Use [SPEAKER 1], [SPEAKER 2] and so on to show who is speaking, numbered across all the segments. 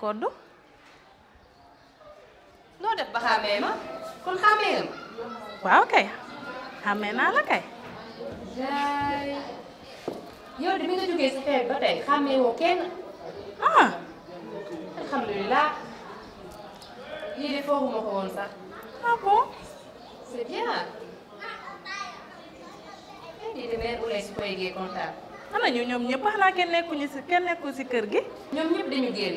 [SPEAKER 1] code noo def ba xàmmee ma kon xàmmee naa la kay yow de bi nga jógee sa feet ba tey xàmmee woo kenn ah alhamdulilah lii de fooguma ko woon sax ah bon c'est bien lii de mère Ouleye su ko yëgee kontaan ana ñu ñoom ñëpp xanaa kenn nekkuñu si kenn nekku si kër gi ñoom ñëpp dañu génn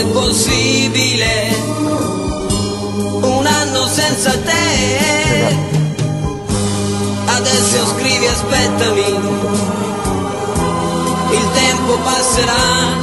[SPEAKER 2] è possibile un anno senza te adesso scrivi aspettami il tempo passerà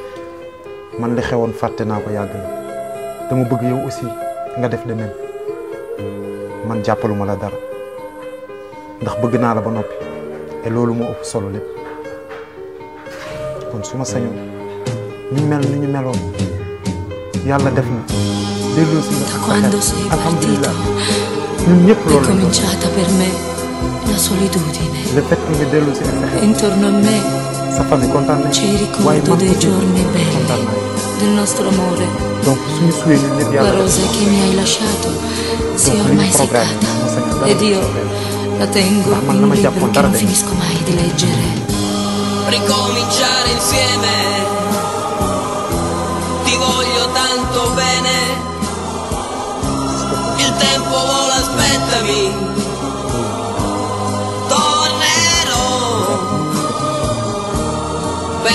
[SPEAKER 1] man li xewoon fatte naa ko yàgg na dama bëgg yow aussi nga def de même man jàppaluma la dara ndax bëgg naa la ba noppi et loolu moo ëpp solo lépp kon su ma sañoon ñu mel ni ñu meloon yàlla def na delloo si nga xel alhamdulilah ñun ñëpp loolu
[SPEAKER 2] la la solitudine le fait que nga intorno a me sa famille kontaan nañ waaye man aussi kontaan naa del nostro amore. La rosa che mi hai lasciato si è ormai seccata ed io la tengo in un libro che non finisco mai di leggere. Ricominciare insieme, ti voglio tanto bene, il tempo vola, aspettami.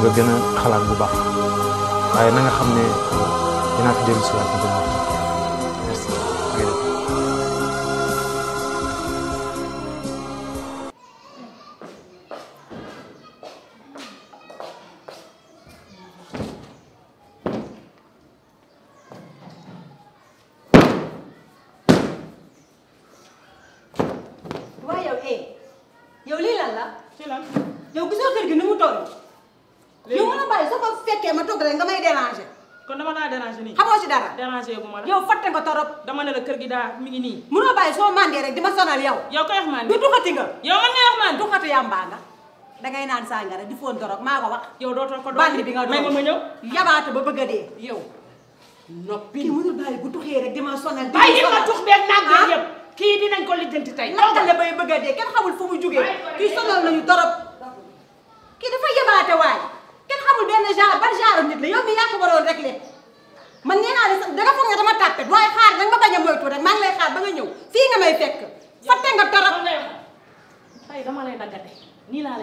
[SPEAKER 1] nga gën a xalaat bu baax waaye na nga xam ne dinaa fi dellu si waat bu baax kon dama ci dara déranger bu ma la yow fatte nga torop dama ne la kër gi daa mi ngi nii munoo bàyyi soo mandee rek di sonal yow yow koy wax mandi du duxati nga yow man ngay wax mandi duxati yàmbaa nga da ngay naan sàngara di foon torop maa wax yow dootoo ko bandi bi nga doon may ma ma ñëw ba bëgg a yow bu rek di sonal bàyyi di ma tux beeg naag beeg ko la bëgg kenn xamul fu mu sonal nañu torop dafa xamul benn genre ban genre nit la yow mii yaa ko waroon réglé man nee naa ne danga foog ne dama tàppet waaye xaar danga bañ a moytu rek maa ngi lay xaar ba nga ñëw fii nga may fekk fatte nga torop tey dama lay daggate nii laa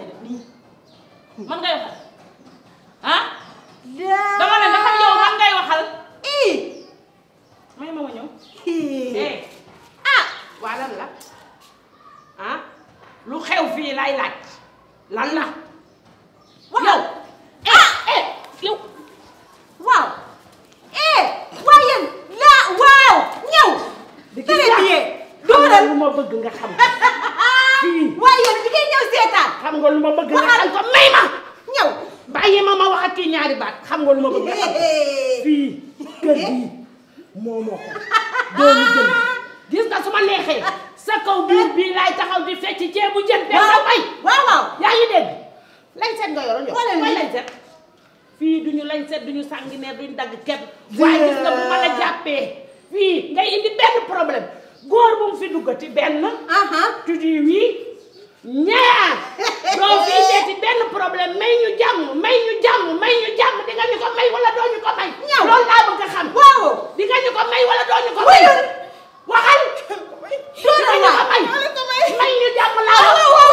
[SPEAKER 1] man ngay waxal ah dama ne dafa yow ii eh. ah waa lan la ah lu xew fii lay laaj lan la waaw kër gi moo moo ko doomu jën gis nga su ma neexee sa kaw biir bii laay taxaw di fecc ceebu jën benn bay waaw waaw yaa ngi dégg lañ set nga yoroon yow mooy lañ fii duñu lañ set duñu sàngi ne duñu dagg kenn waaye gis nga bu ma la jàppee fii ngay indi benn problème góor bu mu fi duggati benn tu ñaar doo fi seeti benn problème may ñu jàmm may ñu jàmm may ñu jàmm di ñu ko may wala doo ñu ko may. ñaw laa bëgg a xam. waaw ñu ko may wala doo ñu ko may. waxal. di nga ko may may ñu jàmm laa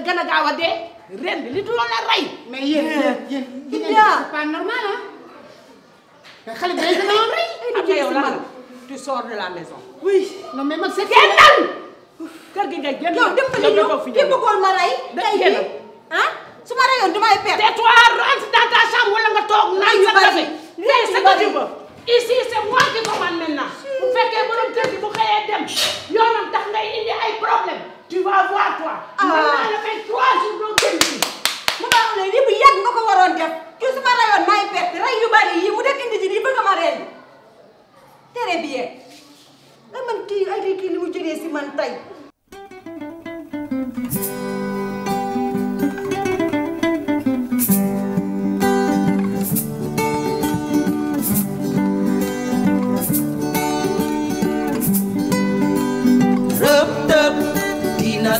[SPEAKER 1] a gën a gaaw a dee ren bi li du la rey. mais yéen yéen yéen c'est pas normal ah. xale bi day gën a rey. après yow lan tu sors de la maison. oui non mais man c'est génnal kër gi ngay génn yow dem ko fi ñëw ki bëggoon ma rey. day génn ah.